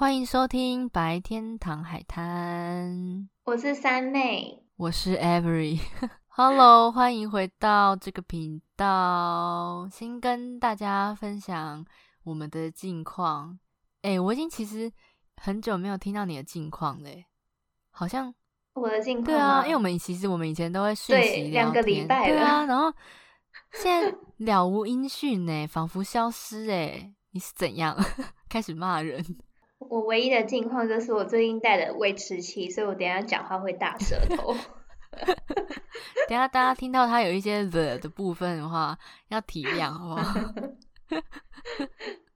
歡迎收聽白天堂海灘。我是三妹，我是 Avery。 Hello，歡迎回到這個頻道，先跟大家分享我們的近況。哎、欸，我已經其實很久沒有聽到你的近況嘞，好像我的近況對啊，因為我們其實我們以前都會訊息聊天，對，兩個禮拜了，對啊，然後現在了無音訊呢， 仿佛消失哎。你是怎樣 開始罵人？我唯一的近況就是我最近戴了維持器，所以我等一下講話會大舌頭。 等一下大家聽到他有一些惹的部分的話，要體諒，好不好？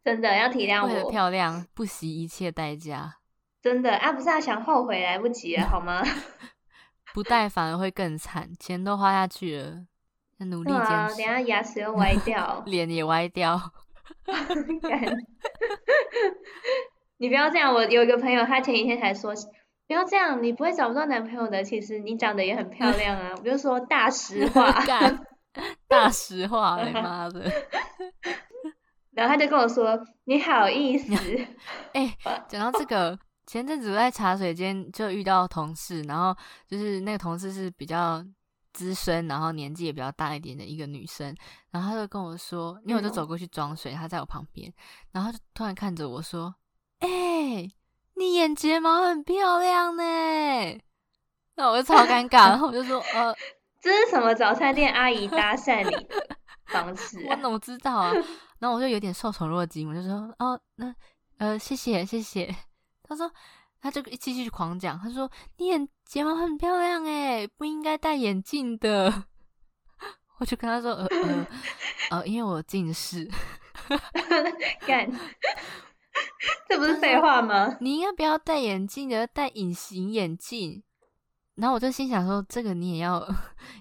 真的要體諒我。很漂亮，不惜一切代價。真的啊，不是要想後悔來不及了好嗎？ 不戴反而會更慘，錢都花下去了，要努力堅、啊、等一下牙齒又歪掉，臉 也歪掉。 干 你不要這樣！我有一個朋友，他前一天才說不要這樣，你不會找不到男朋友的。其實你長得也很漂亮啊， 我就說大實話，大實話，你媽的！然後他就跟我說：“你好意思？”哎、講、欸、到這個， 前陣子我在茶水間就遇到同事，然後就是那個同事是比較資深，然後年紀也比較大一點的一個女生，然後她就跟我說：“因為我就走過去裝水，她在我旁邊，然後就突然看着我說。”哎、欸，你眼睫毛很漂亮呢、欸，那我就超尷尬。 然後我就說，呃，這是什麼早餐店阿姨搭訕你的方式、啊？ 我怎麼知道啊？然後我就有點受寵若驚，我就說，哦，那呃，呃，謝謝謝謝。他說，他就繼續狂講，他說你眼睫毛很漂亮哎、欸，不應該戴眼鏡的。我就跟他說，呃呃，呃，因為我近視。幹。 這不是廢話嗎？你應該不要戴眼鏡，你要戴隱形眼鏡。然後我就心想說，這個你也要，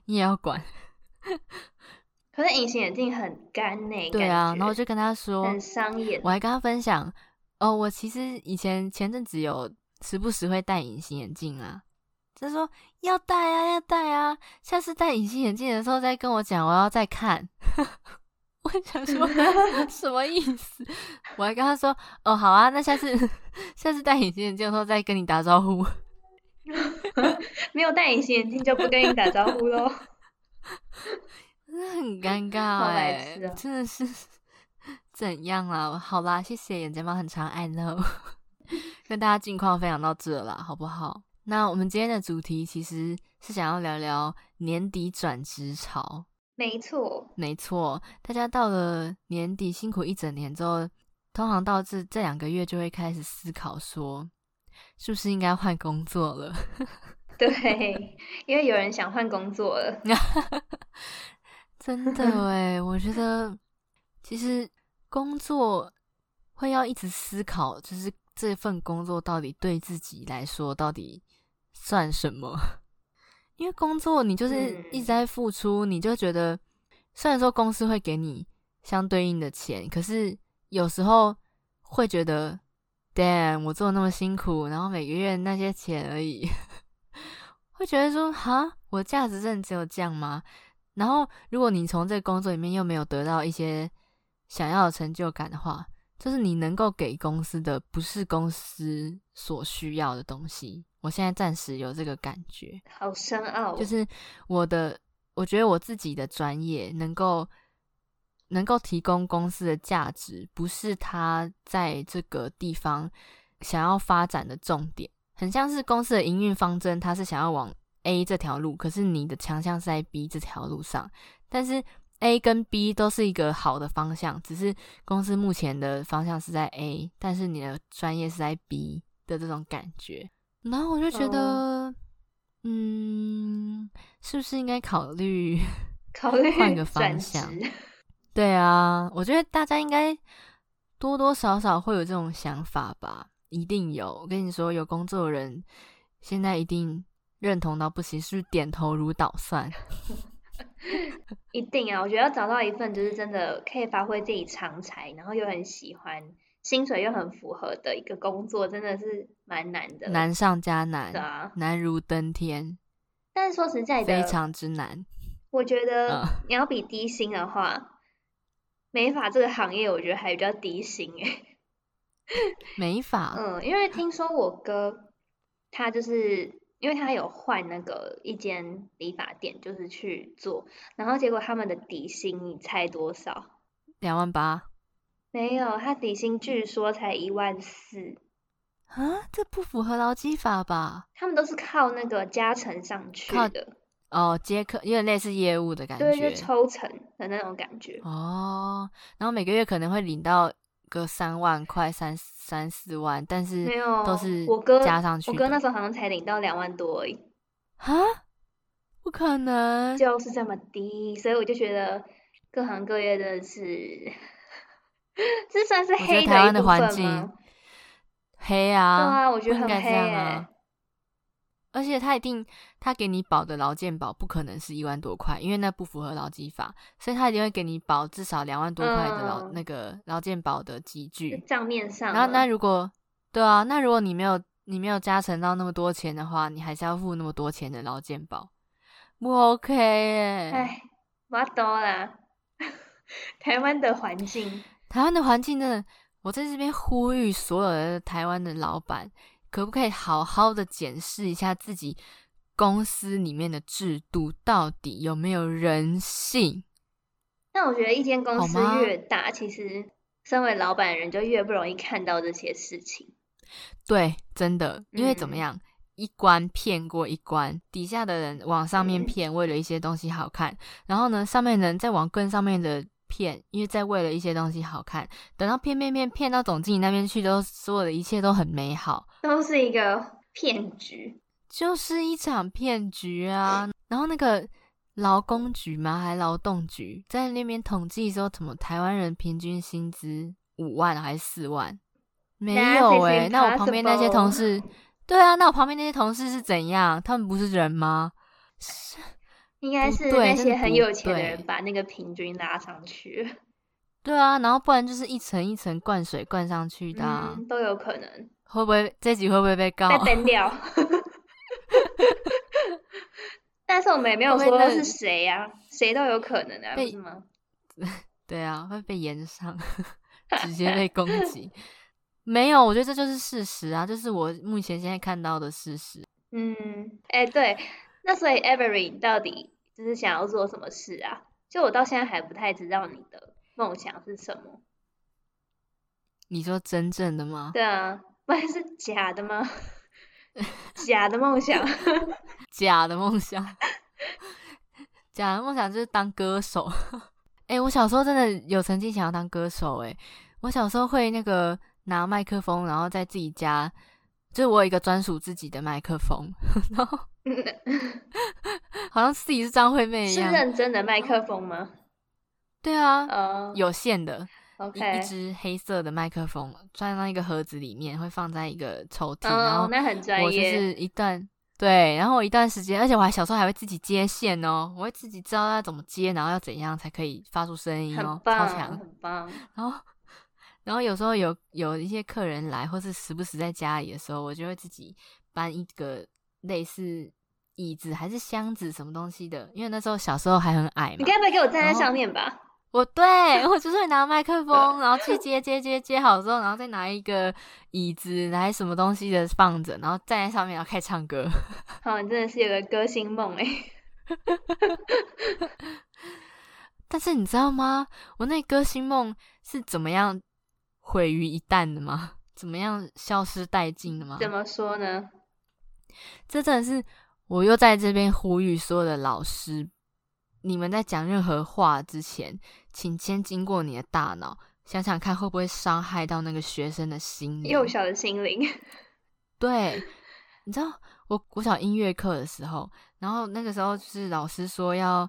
你也要管。 可是隱形眼鏡很乾呢、欸，對啊。然後我就跟他說，很傷眼。我還跟他分享，哦，我其實以前前陣子有時不時會戴隱形眼鏡啊。他說要戴啊，要戴啊，下次戴隱形眼鏡的時候再跟我講，我要再看。 我想說什麼意思？ 我還跟他說：“哦，好啊，那下次下次戴隱形眼鏡的時候，再跟你打招呼， 沒有戴隱形眼鏡就不跟你打招呼嘍。 欸”真的很尷尬，真的是怎樣啊？好啦，謝謝眼睫毛很長，I know，跟大家近況分享到這了，好不好？那我們今天的主題其實是想要聊聊年底轉職潮。沒錯，沒錯，大家到了年底辛苦一整年之後，通常到這這兩個月就會開始思考，說是不是應該換工作了？對， 因為有人想換工作了。 真的誒，我覺得其實工作會要一直思考，就是這份工作到底對自己來說到底算什麼。因為工作，你就是一直在付出，你就覺得，雖然說公司會給你相對應的錢，可是有時候會覺得，damn，我做得那麼辛苦，然後每個月那些錢而已， 會覺得說，哈，我的價值真的只有這樣嗎？然後，如果你從這個工作裡面又沒有得到一些想要的成就感的話，就是你能夠給公司的不是公司所需要的東西，我現在暫時有這個感覺，好深奧。就是我的，我覺得我自己的專業能夠能夠提供公司的價值，不是他在這個地方想要發展的重點。很像是公司的營運方針，他是想要往 A 這條路，可是你的強項是在 B 這條路上，但是。A 跟 B 都是一個好的方向，只是公司目前的方向是在 A，但是你的專業是在 B 的這種感覺，然後我就覺得，嗯，嗯，是不是應該考慮，考慮換個方向？對啊，我覺得大家應該多多少少會有這種想法吧，一定有。我跟你說，有工作的人現在一定認同到不行，是不是點頭如搗蒜？ 一定啊！我覺得要找到一份就是真的可以發揮自己長才，然後又很喜歡，薪水又很符合的一個工作，真的是蠻難的，難上加難，難如登天。但是說實在的，非常之難。我覺得你要比低薪的話，嗯、美髮這個行業我覺得還比較低薪哎。 美髮嗯，因為聽說我哥他就是。因為他有換那個一間理髮店，就是去做，然後結果他們的底薪，你猜多少？兩萬八？沒有，他底薪據說才一萬四。啊，這不符合勞基法吧？他們都是靠那個加成上去的，靠的。哦，接客因為有類似業務的感覺。對，就抽成的那種感覺。哦，然後每個月可能會領到。個三萬塊，三三四萬，但是都是我哥加上去。我哥那時候好像才領到兩萬多哎，啊，不可能，就是這麼低，所以我就覺得各行各業的是， 這是算是黑的。台灣的環境黑啊，對啊，我覺得很黑啊。欸而且他一定，他給你保的勞健保不可能是一萬多塊，因為那不符合勞基法，所以他一定會給你保至少兩萬多塊的老、嗯、那個勞健保的級距賬面上。然後那如果，對啊，那如果你沒有你沒有加成到那麼多錢的話，你還是要付那麼多錢的勞健保，不 OK 哎，我懂多啦， 台灣的環境。台灣的環境真的，我在這邊呼籲所有的台灣的老闆。可不可以好好的檢視一下自己公司裡面的制度，到底有沒有人性？那我覺得一間公司越大，其實身為老板人就越不容易看到這些事情。對，真的，因為怎麼樣，嗯、一關騙過一關，底下的人往上面騙，為了一些東西好看。嗯、然後呢，上面的人再往更上面的騙，因為再為了一些東西好看。等到騙騙騙騙到總經理那邊去都，都所有的一切都很美好。都是一個騙局，就是一場騙局啊！嗯、然後那個勞工局嗎？還勞動局在那邊統計的時候，怎麼台灣人平均薪資五萬還是四萬？沒有哎、欸！那我旁邊那些同事，對啊，那我旁邊那些同事是怎樣？他們不是人嗎？是，應該是那些很有錢的人把那個平均拉上去。對啊，然後不然就是一層一層灌水灌上去的、啊嗯，都有可能。會不會這集會不會被告、啊、被 ban 掉 ？ 但是我們也沒有說是誰、啊、會會那是誰呀，誰都有可能啊，是嗎？ 對啊，會被炎上， 直接被攻擊。 沒有，我覺得這就是事實啊，這、就是我目前現在看到的事實。嗯，哎、欸，對，那所以 Avery 你到底就是想要做什麼事啊？就我到現在還不太知道你的夢想是什麼？你說真正的嗎？對啊。不是假的嗎？假的夢想， 想，假的夢想，假的夢想就是當歌手。誒、欸、我小時候真的有曾經想要當歌手、欸。誒我小時候會那個拿麥克風，然後在自己家，就是我有一個專屬自己的麥克風，然後 好像自己是張惠妹一樣。是認真的麥克風嗎？對啊，oh. 有線的。OK，一支黑色的麥克風裝在一個盒子裡面，會放在一個抽屜，oh, 然後那很專業。我就是一段對，然後我一段時間，而且我還小時候還會自己接線哦，我會自己知道要怎麼接，然後要怎樣才可以發出聲音哦，很棒超強，很棒。然後然後有時候有有一些客人來，或是時不時在家裡的時候，我就會自己搬一個類似椅子還是箱子什麼東西的，因為那時候小時候還很矮嘛。你該不會給我站在上面吧？我對我就是會拿麥克風，然後去接接接接接好之後，然後再拿一個椅子拿什麼東西的放着，然後站在上面然後開始唱歌。好，哦，你真的是有個歌星夢哎、欸！ 但是你知道嗎？我那歌星夢是怎麼樣毀於一旦的嗎？怎麼樣消失殆盡的嗎？怎麼說呢？這真的是我又在這邊呼籲所有的老師，你們在講任何話之前。請先經過你的大腦，想想看會不會傷害到那個學生的心靈。幼小的心靈。對，你知道我國小音樂課的時候，然後那個時候就是老師說要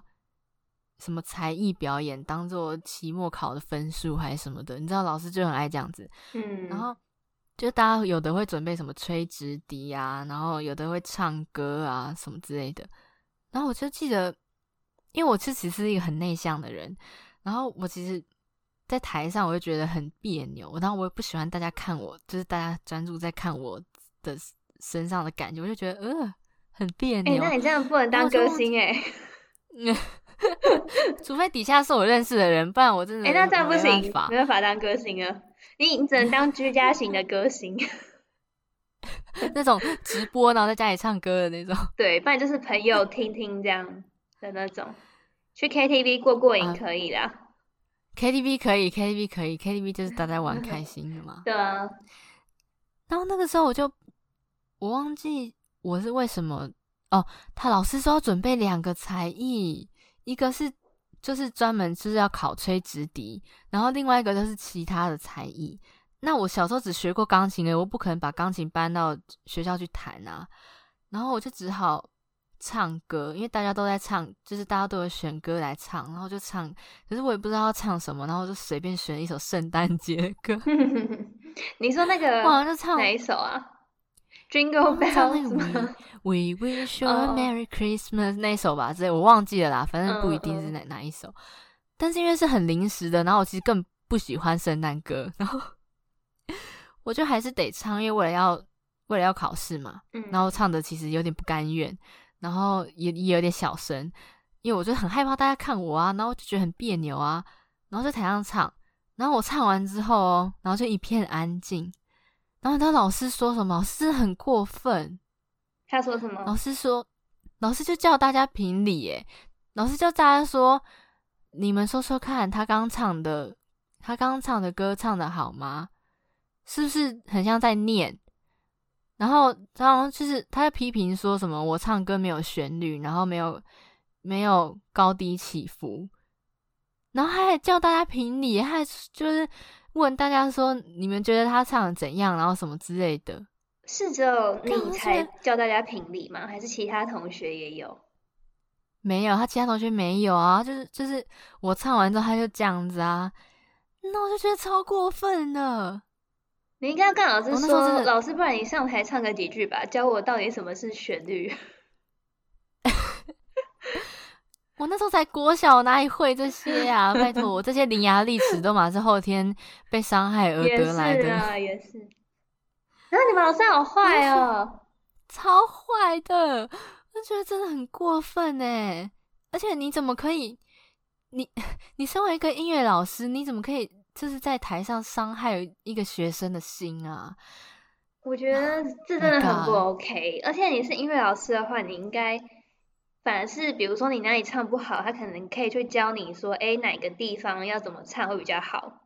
什麼才藝表演當做期末考的分數還是什麼的，你知道老師就很愛這樣子。嗯。然後就大家有的會準備什麼吹直笛啊，然後有的會唱歌啊什麼之類的。然後我就記得，因為我自己是一個很內向的人。然後我其實，在台上我就覺得很彆扭，然後我也不喜歡大家看我，就是大家專注在看我的身上的感覺，我就覺得呃很彆扭。哎、欸，那你這樣不能當歌星，哎、欸，哦、我我 除非底下是我認識的人，不然我真的沒辦法。欸、那這樣不行，沒辦法當歌星啊，你你只能當居家型的歌星， 那種直播然後在家裡唱歌的那種，對，不然就是朋友聽聽這樣的那種。去 KTV 過過癮可以的，啊，KTV 可以，KTV 可以，KTV 就是大家玩開心的嘛。 對啊。然後那個時候我就，我忘記我是為什麼哦。他老師說準備兩個才藝，一個是就是專門就是要考吹直笛，然後另外一個就是其他的才藝。那我小時候只學過鋼琴誒，我不可能把鋼琴搬到學校去彈啊。然後我就只好。唱歌，因為大家都在唱，就是大家都有選歌來唱，然後就唱，可是我也不知道要唱什麼，然後就隨便選一首聖誕節歌。 你說那個我好像就唱，哪一首啊？Jingle Bell？什、oh, 那個、We wish you a Merry Christmas？、Oh. 那一首吧，這我忘記了啦，反正不一定是哪、oh. 哪一首。但是因為是很臨時的，然後我其實更不喜歡聖誕歌，然後 我就還是得唱，因為為了要為了要考試嘛、嗯。然後唱的其實有點不甘願。然後也也有點小聲，因為我就很害怕大家看我啊，然後就覺得很彆扭啊，然後在台上唱，然後我唱完之後，哦，然後就一片安靜，然後他老師說什麼？老師很過分。他說什麼？老師說，老師就叫大家評理耶，老師叫大家說，你們說說看，他剛唱的，他剛唱的歌唱的好嗎？是不是很像在念？然後，然後就是他批評說什麼我唱歌沒有旋律，然後沒有沒有高低起伏，然後他還叫大家評理，還就是問大家說你們覺得他唱的怎樣，然後什麼之類的。是只有你才叫大家評理嗎？還是其他同學也有？沒有，他其他同學沒有啊。就是就是我唱完之後他就這樣子啊，那我就覺得超過分了。你應該要跟老師說，哦、老師，不然你上台唱個幾句吧，教我到底什麼是旋律。 我那時候才國小，哪裡會這些啊？ 拜托，我這些伶牙俐齒都嘛是後天被傷害而得來的。也是、啊，那、啊、你們老師好壞哦，超壞的，我覺得真的很過分哎、欸。而且你怎麼可以？你你身為一個音樂老師，你怎麼可以？這是在台上傷害一個學生的心啊，啊！我覺得這真的很不 OK。而且你是音樂老師的話，你應該反而是，比如說你哪裡唱不好，他可能可以去教你說：“哎，哪個地方要怎麼唱會比較好？”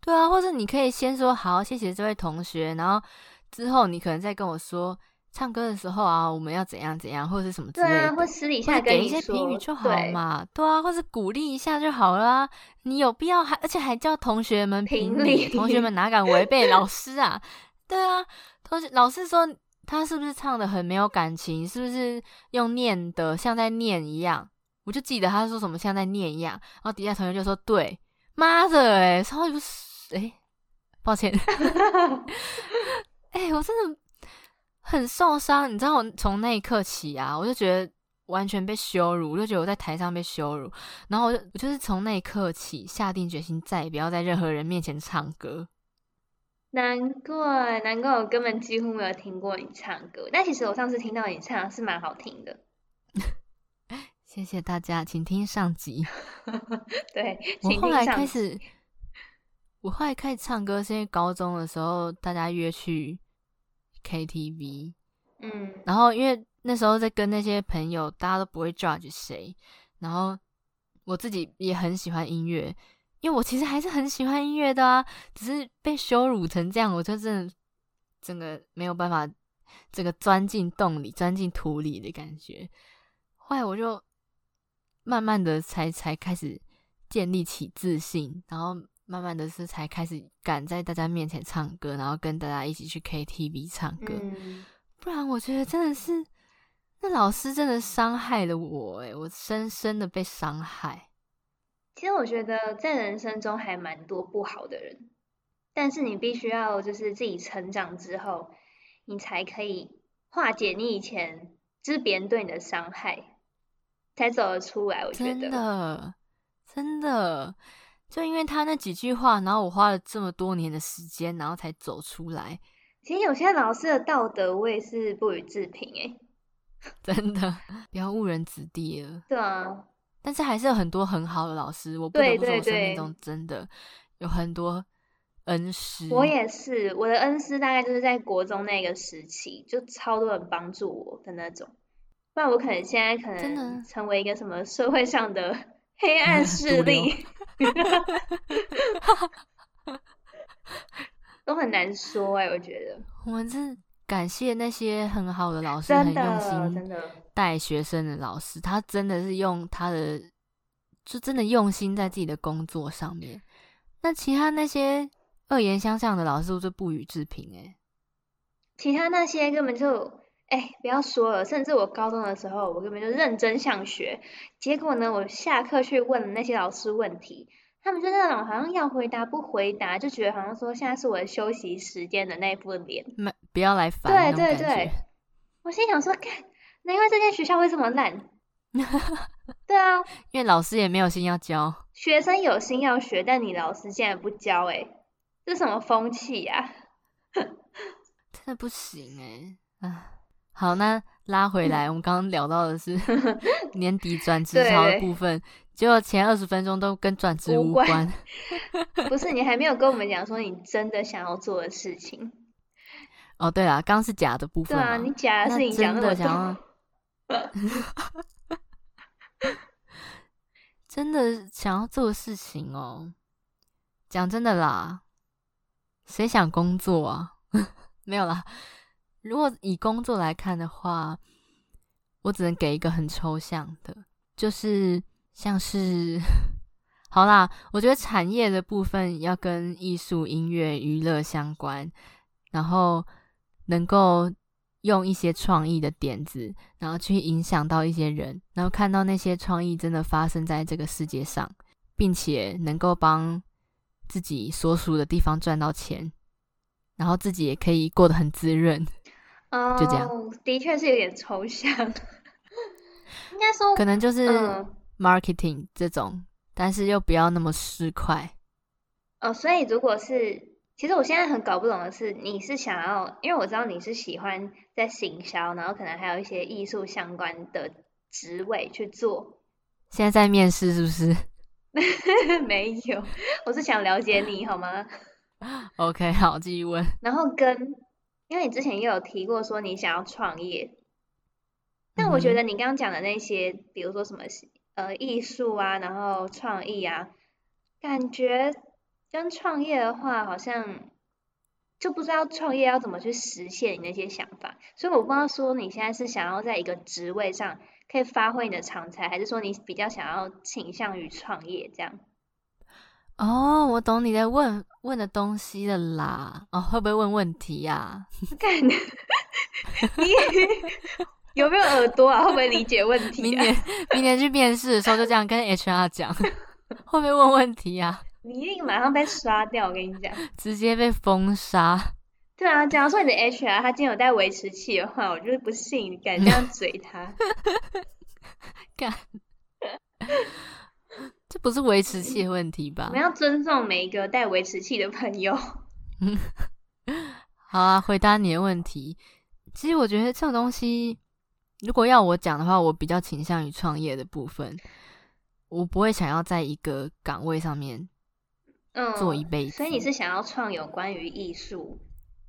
對啊，或者你可以先說“好，謝謝這位同學”，然後之後你可能再跟我說。唱歌的時候啊，我們要怎樣怎樣，或者是什麼之類的，對啊，或私底下給一些評語就好嘛，對，對啊，或是鼓勵一下就好啦，啊。你有必要還而且還叫同學們評理，理，同學們哪敢違背 老師啊？對啊，同學，老師說他是不是唱的很沒有感情，是不是用念的，像在念一樣？我就記得他說什麼像在念一樣，然後底下同學就說對：“對媽的、欸，哎，操，有誰？說我不是，抱歉，哎、 欸，我真的。”很受傷，你知道，我從那一刻起啊，我就覺得完全被羞辱，我就覺得我在台上被羞辱。然後我就，我就是從那一刻起下定決心，再也不要在任何人面前唱歌。難怪，難怪我根本幾乎沒有聽過你唱歌。但其實我上次聽到你唱是蠻好聽的。 謝謝大家，請聽上集。 對，請聽上集。我後來開始，我後來開始唱歌，是因為高中的時候大家約去。KTV，嗯，然後因為那時候在跟那些朋友，大家都不會 judge 誰，然後我自己也很喜歡音樂，因為我其實還是很喜歡音樂的啊，只是被羞辱成這樣，我就真的整個沒有辦法，這個鑽進洞裡、鑽進土裡的感覺。後來我就慢慢的才才開始建立起自信，然後。慢慢的，是才開始敢在大家面前唱歌，然後跟大家一起去 KTV 唱歌。嗯，不然，我覺得真的是，那老師真的傷害了我，欸，我深深的被傷害。其實，我覺得在人生中還蠻多不好的人，但是你必須要就是自己成長之後，你才可以化解你以前就是別人對你的傷害，才走得出來。我覺得，真的，真的。就因為他那幾句話，然後我花了這麼多年的時間，然後才走出來。其實有些老師的道德，我也是不予置評哎，真的，不要誤人子弟了。對啊，但是還是有很多很好的老師，我不得不說我生命中真的對對對，有很多恩師。我也是，我的恩師大概就是在國中那個時期，就超多人幫助我的那種，不然我可能現在可能成為一個什麼社會上的、的。黑暗勢力、嗯， 都很難說哎、啊，我覺得。我們是感謝那些很好的老師，很用心真的帶學生的老師，他真的是用他的，就真的用心在自己的工作上面。那其他那些惡言相向的老師，我就不予置評哎、欸。其他那些根本就。哎、欸，不要說了。甚至我高中的時候，我根本就認真想學，結果呢，我下課去問了那些老師問題，他們就那種好像要回答不回答，就覺得好像說現在是我的休息時間的那一副臉，沒不要來煩。對對對，我心想說，幹，難怪這間學校會這麼爛。 對啊，因為老師也沒有心要教，學生有心要學，但你老師現在不教、欸，哎，這什麼風氣呀、啊？真的 不行哎、欸、啊！ 好，那拉回來，我們剛剛聊到的是年底轉職潮的部分，結 果前二十分鐘都跟轉職無關。 不是你還沒有跟我們講說你真的想要做的事情？哦，對啊，剛是假的部分。對啊，你假的是你真的想要 真的想要做的事情哦、喔，講真的啦，誰想工作啊？ 沒有啦。如果以工作來看的話，我只能給一個很抽象的，就是像是好啦，我覺得產業的部分要跟藝術、音樂、娛樂相關，然後能夠用一些創意的點子，然後去影響到一些人，然後看到那些創意真的發生在這個世界上，並且能夠幫自己所屬的地方賺到錢，然後自己也可以過得很滋潤。哦、oh,，就這樣。的確是有點抽象， 應該說可能就是 marketing 這種，嗯、但是又不要那麼市儈。哦、oh,，所以如果是，其實我現在很搞不懂的是，你是想要，因為我知道你是喜歡在行銷，然後可能還有一些藝術相關的職位去做。現在在面試是不是？ 沒有，我是想了解你好嗎 ？OK，好，繼續問。然後跟，因為你之前也有提過說你想要創業，但我覺得你剛剛講的那些，比如說什麼呃藝術啊，然後創意啊，感覺跟創業的話，好像就不知道創業要怎麼去實現你那些想法。所以我不知道說你現在是想要在一個職位上可以發揮你的長才，還是說你比較想要傾向於創業這樣。哦，我懂你在問問的東西的啦。哦，會不會問問題呀、啊？敢？你 有沒有耳朵啊？會不會理解問題、啊？明年，明年去面試的時候就這樣跟 HR 講， 會不會問問題啊？你一定馬上被刷掉，我跟你講。直接被封殺。對啊，假如說你的 HR 他今天有帶維持器的話，我就是不信你敢這樣嘴他。敢。 這不是維持器的問題吧？我們要尊重每一個戴維持器的朋友。 好啊，回答你的問題。其實我覺得這種東西，如果要我講的話，我比較傾向於創業的部分。我不會想要在一個崗位上面，做一輩子。嗯，所以你是想要創有關於藝術，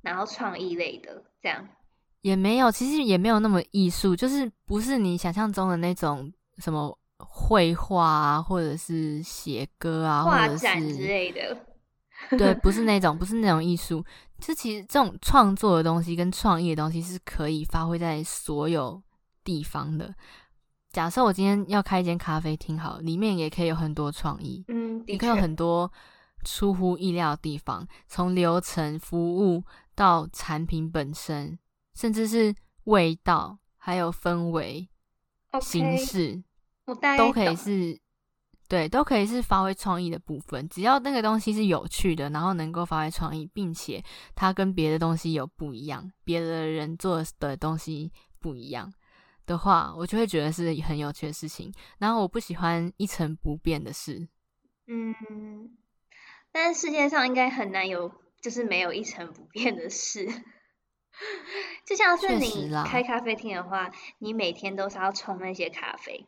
然後創意類的這樣？也沒有，其實也沒有那麼藝術，就是不是你想象中的那種什麼。繪畫啊，或者是寫歌啊，或者是畫展之類的， 對，不是那種，不是那種藝術。這其實這種創作的東西跟創意的東西是可以發揮在所有地方的。假設我今天要開一間咖啡廳，好，裡面也可以有很多創意，嗯，也可以有很多出乎意料的地方，從流程、服務到產品本身，甚至是味道，還有氛圍、Okay. 形式。我大概都可以是，對，都可以是發揮創意的部分。只要那個東西是有趣的，然後能夠發揮創意，並且它跟別的東西有不一樣，別的人做的東西不一樣的話，我就會覺得是很有趣的事情。然後我不喜歡一成不變的事。嗯，但是世界上應該很難有，就是沒有一成不變的事。 就像是你開咖啡廳的話，你每天都是要沖那些咖啡。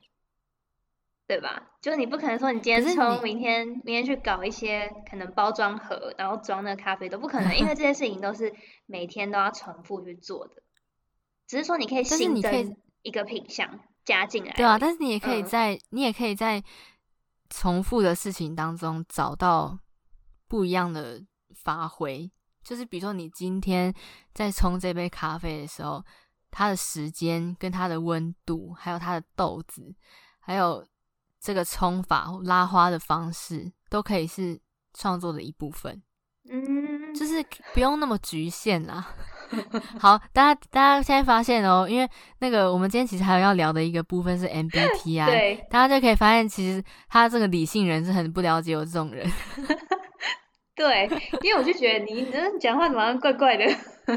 對吧？就是你不可能說你今天沖，明天明天去搞一些可能包裝盒，然後裝那個咖啡都不可能，因為這些事情都是每天都要重複去做的。 只是說你可以新增一個品相加進來，對啊。但是你也可以在、嗯、你也可以在重複的事情當中找到不一樣的發揮。就是比如說，你今天在沖這杯咖啡的時候，它的時間跟它的溫度，還有它的豆子，還有。這個沖法拉花的方式都可以是創作的一部分，嗯，就是不用那麼局限啦。好，大家大家現在發現哦，因為那個我們今天其實還有要聊的一個部分是 MBTI，對，大家就可以發現其實他這個理性人是很不了解我這種人。 對，因為我就覺得你你、 嗯、講話怎麼樣怪怪的？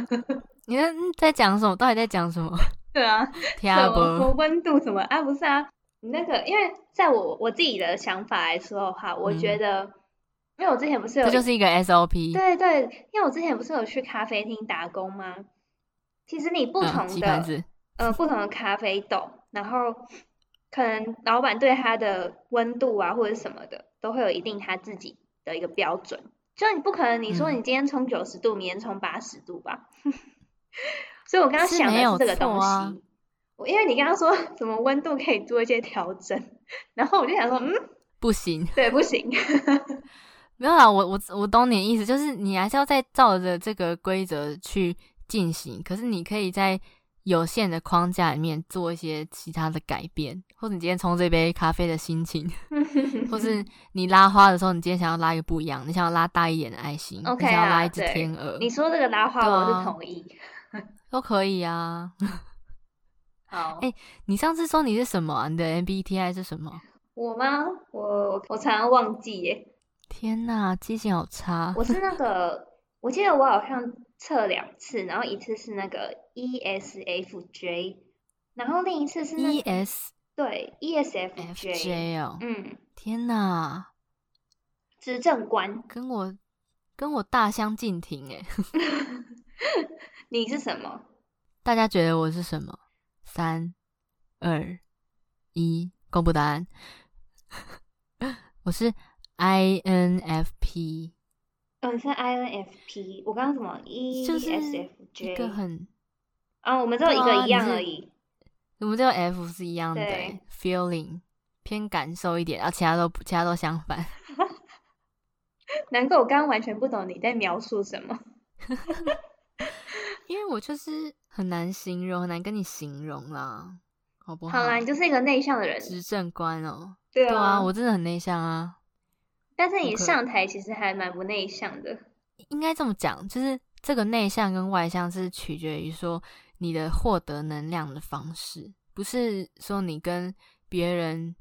你在在講什麼？到底在講什麼？對啊，什麼溫度什麼？啊，不是啊。你那個，因為在我我自己的想法來說的話、嗯，我覺得，因為我之前不是有，這就是一個 SOP。對對，對，因為我之前不是有去咖啡廳打工嗎？其實你不同的，嗯、呃不同的咖啡豆，然後可能老闆對它的溫度啊或者什麼的，都會有一定他自己的一個標準。就你不可能，你說你今天沖九十度、嗯，明天沖八十度吧？ 所以我剛剛想的是這個東西。因為你剛剛說什麼溫度可以做一些調整，然後我就想說，嗯，不行，對，不行。 沒有啦，我我我懂你的意思，就是你還是要再照着這個規則去進行，可是你可以在有限的框架裡面做一些其他的改變，或者你今天沖這杯咖啡的心情， 或是你拉花的時候，你今天想要拉一個不一樣，你想要拉大一點的愛心，OK 你想要拉一隻天鵝、啊、你說這個拉花，啊、我是同意， 都可以啊。好，哎，你上次說你是什麼啊？你的 MBTI 是什麼？我嗎？我我，我常常忘記耶。天吶、啊，記性好差。我是那個， 我記得我好像測兩次，然後一次是那個 ESFJ，然後另一次是那個 ES，對 ESFJ 哦。嗯，天吶、啊。執政官跟我跟我大相徑庭誒。 你是什麼？大家覺得我是什麼？三、二、一，公布答案。 我是 I N F P，哦，你是 I N F P，我剛剛什麼？E S F J，、就是、一個很……啊、哦，我們只有一個、啊、一樣而已，我們只有 F 是一樣的對，Feeling 偏感受一點，然後其他都其他都相反。 難怪我剛剛完全不懂你在描述什麼。 因為我就是很難形容，很難跟你形容啦，好不好？好啊，你就是一個內向的人，執政官哦。對啊，對啊，我真的很內向啊。但是你上台其實還蠻不內向的，應該這麼講，就是這個內向跟外向是取決於說你的獲得能量的方式，不是說你跟別人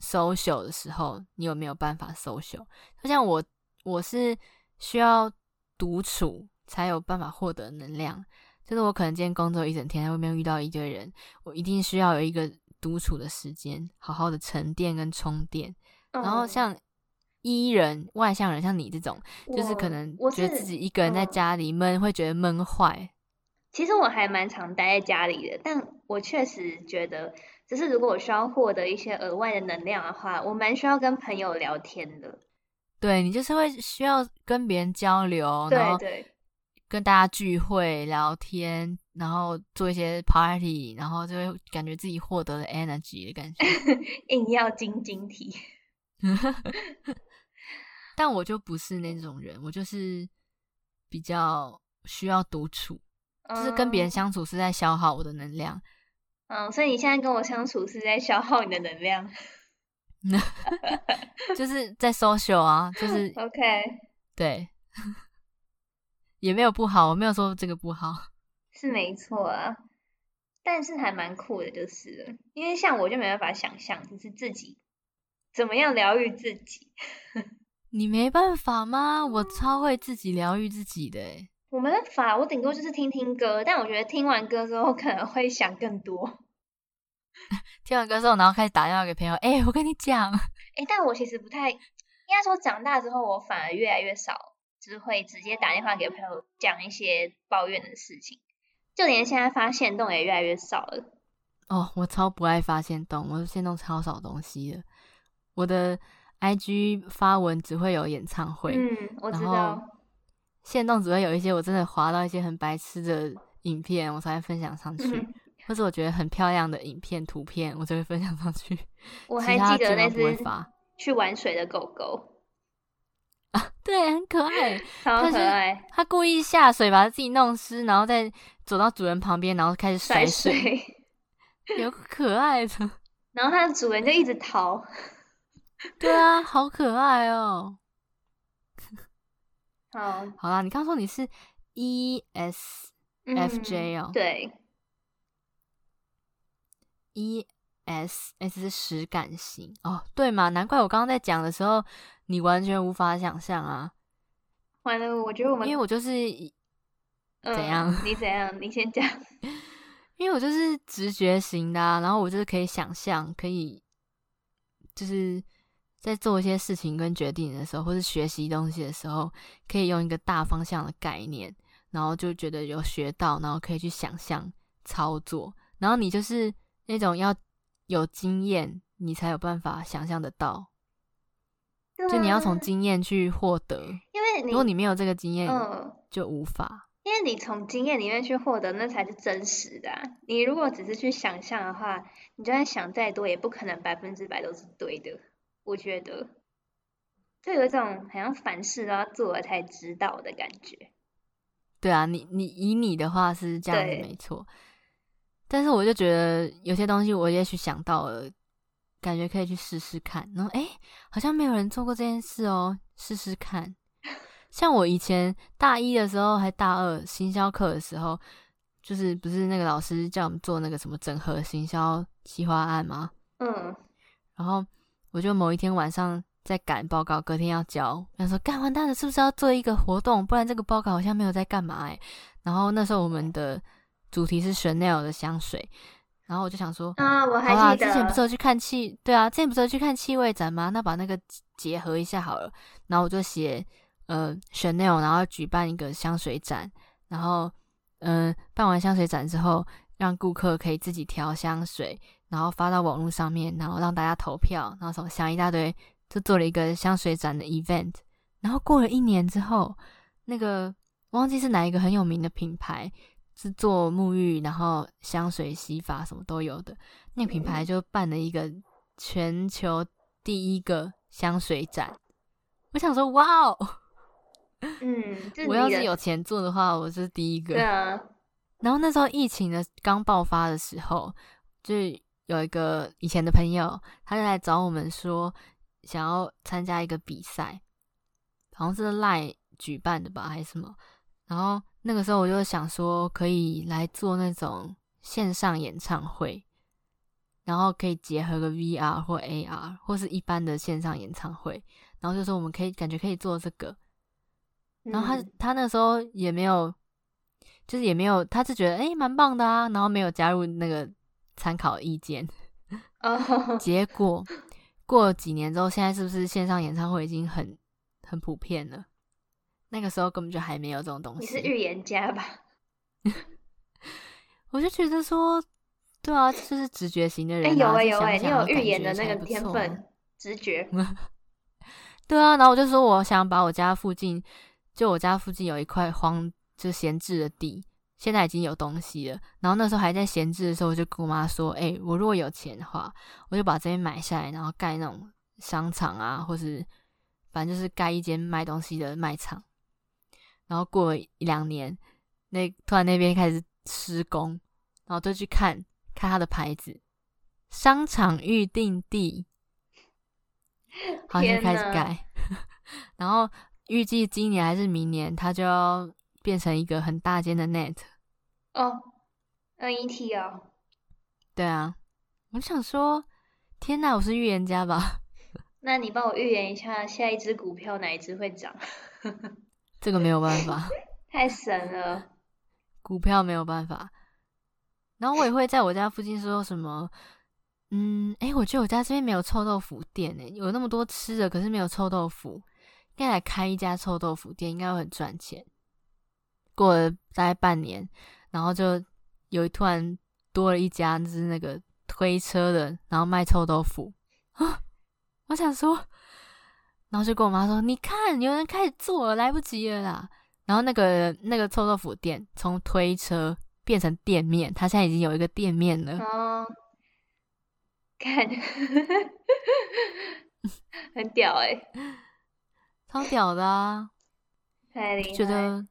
social 的時候，你有沒有辦法 social。就像我，我是需要獨處。才有辦法獲得能量。就是我可能今天工作一整天，在外面遇到一堆人，我一定需要有一個獨處的時間，好好的沉澱跟充電。嗯、然後像 E 人外向人，像你這種，就是可能覺得自己一個人在家裡悶、嗯，會覺得悶壞。其實我還蠻常待在家裡的，但我確實覺得，只是如果我需要獲得一些額外的能量的話，我蠻需要跟朋友聊天的。對，你就是會需要跟別人交流，然後。對對跟大家聚會聊天，然後做一些 party，然後就會感覺自己獲得了 energy 的感覺， 硬要晶晶體。 但我就不是那種人，我就是比較需要獨處，就是跟別人相處是在消耗我的能量。嗯，嗯，所以你現在跟我相處是在消耗你的能量， 就是在 social 啊，就是 OK，對。也沒有不好，我沒有說這個不好，是沒錯啊。但是還蠻酷的，就是，因為像我就沒辦法想象，就是自己怎麼樣療癒自己。 你沒辦法嗎？我超會自己療癒自己的、欸。我沒辦法，我頂多就是聽聽歌，但我覺得聽完歌之後可能會想更多。 聽完歌之後，然後開始打電話給朋友。哎、欸，我跟你講。哎、欸，但我其實不太，應該說長大之後，我反而越來越少。就是會直接打電話給朋友講一些抱怨的事情，就連現在發限動也越來越少了。哦，我超不愛發限動，我限動超少東西的。我的 IG 發文只會有演唱會，嗯，我知道。限動只會有一些我真的滑到一些很白痴的影片，我才會分享上去、嗯，或是我覺得很漂亮的影片、圖片，我才會分享上去。我還記得那次去玩水的狗狗。啊、對，很可愛，超可愛。他故意下水把他自己弄濕，然後再走到主人旁邊，然後開始甩水，水有可愛的。 然後他的主人就一直逃。對啊，好可愛哦、喔。 好，好啦，你剛說你是 E S F J 哦？對，E S S 是實感型哦？對嗎？難怪我剛剛在講的時候你完全無法想象啊！完了，我覺得我們因為我就是怎樣？你怎樣？你先講。因為我就是直覺型的啊，然後我就是可以想象，可以就是在做一些事情跟決定的時候，或是學習東西的時候，可以用一個大方向的概念，然後就覺得有學到，然後可以去想象操作。然後你就是那種要有經驗，你才有辦法想象得到。啊、就你要從經驗去獲得，因為如果你沒有這個經驗、嗯，就無法。因為你從經驗裡面去獲得，那才是真實的、啊。你如果只是去想象的話，你就算想再多，也不可能百分之百都是對的。我覺得，就有一種好像凡事都要做了才知道的感覺。對啊，你你以你的話是這樣子沒錯，但是我就覺得有些東西我也許想到了。感覺可以去試試看，然後哎、欸，好像沒有人做過這件事哦、喔，試試看。像我以前大一的時候，還大二行銷課的時候，就是不是那個老師叫我們做那個什麼整合行銷企劃案嗎？嗯，然後我就某一天晚上在趕報告，隔天要交，然後說幹，完蛋了，是不是要做一個活動？不然這個報告好像沒有在幹嘛誒、欸、然後那時候我們的主題是 Chanel 的香水。然後我就想說，啊、哦，我還記得之前不是有去看氣，對啊，之前不是有去看氣味展嗎？那把那個結合一下好了。然後我就寫，呃，Chanel，然後舉辦一個香水展，然後，嗯、呃，辦完香水展之後，讓顧客可以自己調香水，然後發到網絡上面，然後讓大家投票，然後什麼想一大堆，就做了一個香水展的 event。然後過了一年之後，那個忘記是哪一個很有名的品牌。是做沐浴，然後香水、洗髮什麼都有的。那個品牌就辦了一個全球第一個香水展，我想說，哇、wow! 哦、嗯！嗯，我要是有錢做的話，我是第一個。對啊。然後那時候疫情的剛爆發的時候，就有一個以前的朋友，他就來找我們說，想要參加一個比賽，好像是 LINE 舉辦的吧，還是什麼，然後。那個時候我就想說，可以來做那種線上演唱會，然後可以結合個 VR 或 AR 或是一般的線上演唱會，然後就說我們可以感覺可以做這個。然後他他那時候也沒有，就是也沒有，他就覺得，欸，蠻棒的啊，然後沒有加入那個參考意見。 結果過了幾年之後，現在是不是線上演唱會已經很很普遍了？那個時候根本就還沒有這種東西。你是預言家吧？ 我就覺得說，對啊，就是直覺型的人哎、啊欸、有哎、欸有欸，你有預言的那個天分，覺啊、直覺。 對啊，然後我就說，我想把我家附近，就我家附近有一塊荒，就閒置的地，現在已經有東西了。然後那時候還在閒置的時候，我姑、欸，我就跟我媽說，哎，我如果有錢的話，我就把這邊買下來，然後蓋那種商場啊，或是反正就是蓋一間賣東西的賣場。然後過了一兩年，那突然那邊開始施工，然後就去看，看他的牌子，商場預定地，好像開始改 然後預計今年還是明年，它就要變成一個很大間的 NET 哦，NET 哦，oh, 對啊，我想說，天吶，我是預言家吧？ 那你幫我預言一下，下一只股票哪一只會漲？ 這個沒有辦法，太神了！股票沒有辦法。然後我也會在我家附近說什麼，嗯，誒，我覺得我家這邊沒有臭豆腐店誒、欸，有那麼多吃的，可是沒有臭豆腐，應該來開一家臭豆腐店，應該會很賺錢。過了大概半年，然後就有突然多了一家就是那個推車的，然後賣臭豆腐。啊，我想說。然後就跟我媽說：“你看，有人開始做了，來不及了啦。”然後那個那個臭豆腐店從推車變成店面，他現在已經有一個店面了。哦，看， 很屌誒、欸、超屌的啊！覺得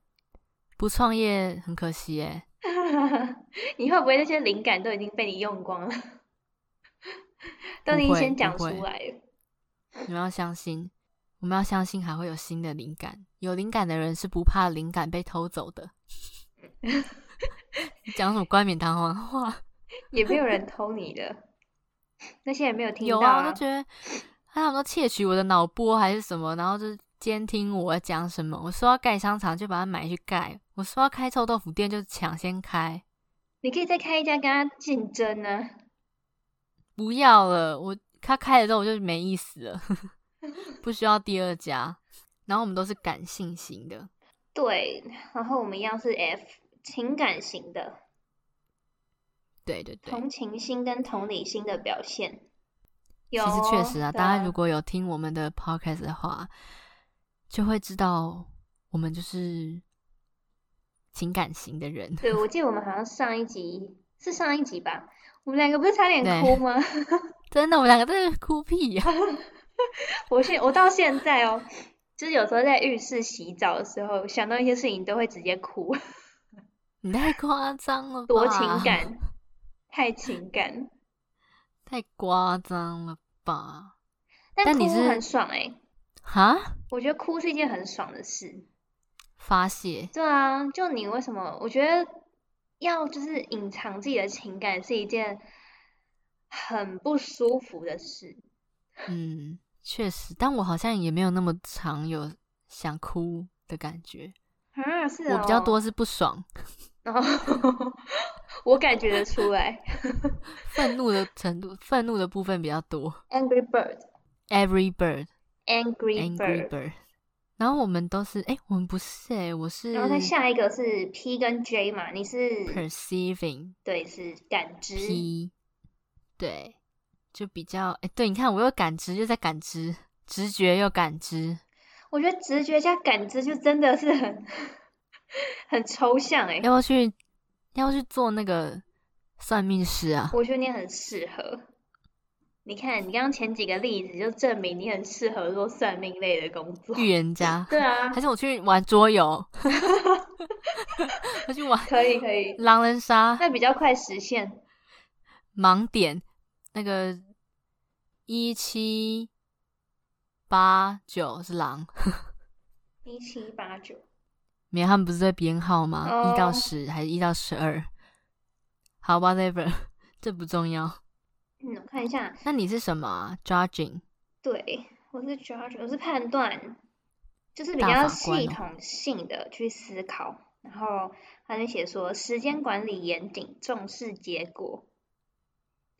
不創業很可惜哎、欸。 你會不會那些靈感都已經被你用光了？都已經先講出來了，你們要相信。我們要相信還會有新的靈感。有靈感的人是不怕靈感被偷走的。講 什麼冠冕堂皇的話， 也沒有人偷你的。那些人沒有聽到啊？有啊，我都覺得他很多竊取我的腦波還是什麼，然後就監聽我講什麼。我說要蓋商場，就把他買去蓋；我說要開臭豆腐店，就搶先開。你可以再開一家跟他競爭呢、啊。不要了，我他開了之後我就沒意思了。 不需要第二家，然後我們都是感性型的。對，然後我們一樣是 F 情感型的。對對對，同情心跟同理心的表現。其實確實啊，大家如果有聽我們的 Podcast 的話、啊，就會知道我們就是情感型的人。對，我記得我們好像上一集是上一集吧，我們兩個不是差點哭嗎？真的，我們兩個真的哭屁呀、啊！ 我現我到現在哦、喔， 就是有時候在浴室洗澡的時候，想到一些事情都會直接哭。你太誇張了吧？多情感，太情感，太誇張了吧？但，哭哭、欸、但你是很爽哎！哈？我覺得哭是一件很爽的事，發洩。對啊，就你為什麼？我覺得要就是隱藏自己的情感是一件很不舒服的事。嗯。確實，但我好像也沒有那麼常有想哭的感覺啊！是、哦，我比較多是不爽，然 後 我感覺得出來，憤 怒的程度，憤怒的部分比較多。Angry bird, Avery bird, angry bird。然後我們都是，哎、欸，我們不是、欸，我是。然後它下一個是 P 跟 J 嘛，你是 perceiving，對，是感知。P 對。就比較誒、欸、對，你看，我又感知，又在感知，直覺又感知。我覺得直覺加感知就真的是很很抽象誒、欸，要不要去？要去做那個算命師啊？我覺得你很適合。你看，你剛剛前幾個例子就證明你很適合做算命類的工作。預言家。對啊。還是我去玩桌遊。 我去玩。可以可以。狼人殺。那比較快實現。盲點。那個一七八九是狼。一七八九，免他們不是在編號嗎？一、oh, 一到十還是一到十二？好，whatever，這不重要。嗯，我看一下，那你是什麼、啊、？Judging。對，我是 Judging，我是判斷，就是比較系統性的去思考。大法官哦、然後他就寫說：時間管理嚴謹，重視結果。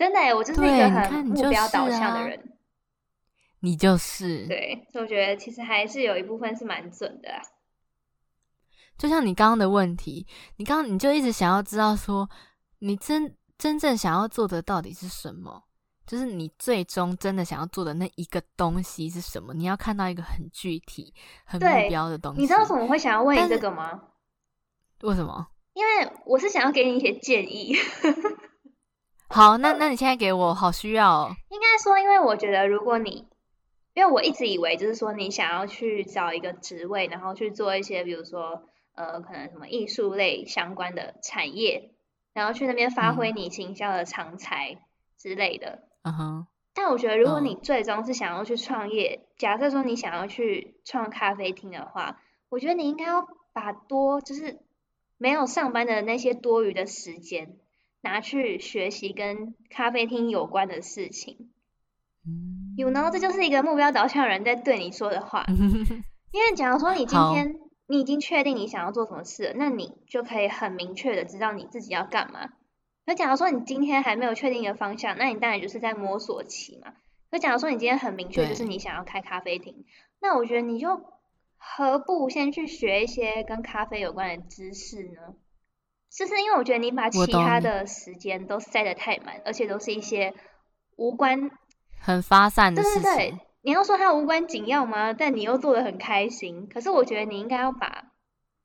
真的、欸，我就是一個很目標導向的人。你，你就是、啊你就是、對，所以我覺得其實還是有一部分是蠻準的啊。就像你剛剛的問題，你剛剛你就一直想要知道說，你真真正想要做的到底是什麼？就是你最終真的想要做的那一個東西是什麼？你要看到一個很具體、很目標的東西。你知道為什麼我會想要問你這個嗎？為什麼？因為我是想要給你一些建議。 好，那那你現在給我好需要、哦？應該說，因為我覺得，如果你，因為我一直以為，就是說，你想要去找一個職位，然後去做一些，比如說，呃，可能什麼藝術類相關的產業，然後去那邊發揮你行銷的長才之類的。嗯哼。Uh-huh. 但我覺得，如果你最終是想要去創業，oh. 假設說你想要去創咖啡廳的話，我覺得你應該要把多，就是沒有上班的那些多餘的時間。拿去學習跟咖啡廳有關的事情，嗯，有呢，這就是一個目標導向人在對你說的話。 因為假如說你今天你已經確定你想要做什麼事了，那你就可以很明確的知道你自己要幹嘛。可假如說你今天還沒有確定一個方向，那你當然就是在摸索期嘛。可假如說你今天很明確，就是你想要開咖啡廳，那我覺得你就何不先去學一些跟咖啡有關的知識呢？就是因為我覺得你把其他的時間都塞得太滿，而且都是一些無關、很發散的事情。對不對，你要說它無關緊要嗎？但你又做得很開心。可是我覺得你應該要把，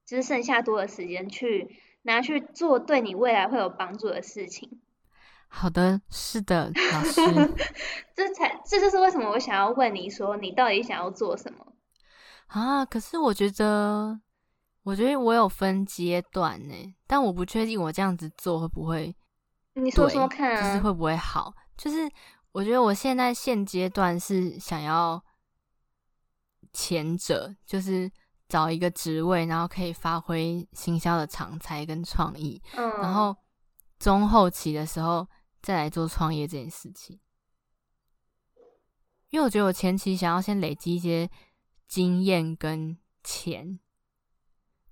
就是剩下多的時間去拿去做對你未來會有幫助的事情。好的，是的，老師， 這才這就是為什麼我想要問你說你到底想要做什麼啊？可是我覺得。我覺得我有分階段呢，但我不確定我這樣子做會不會，你說說看、啊，就是會不會好？就是我覺得我現在現階段是想要前者，就是找一個職位，然後可以發揮行銷的長才跟創意，嗯，然後中後期的時候再來做創業這件事情，因為我覺得我前期想要先累積一些經驗跟錢。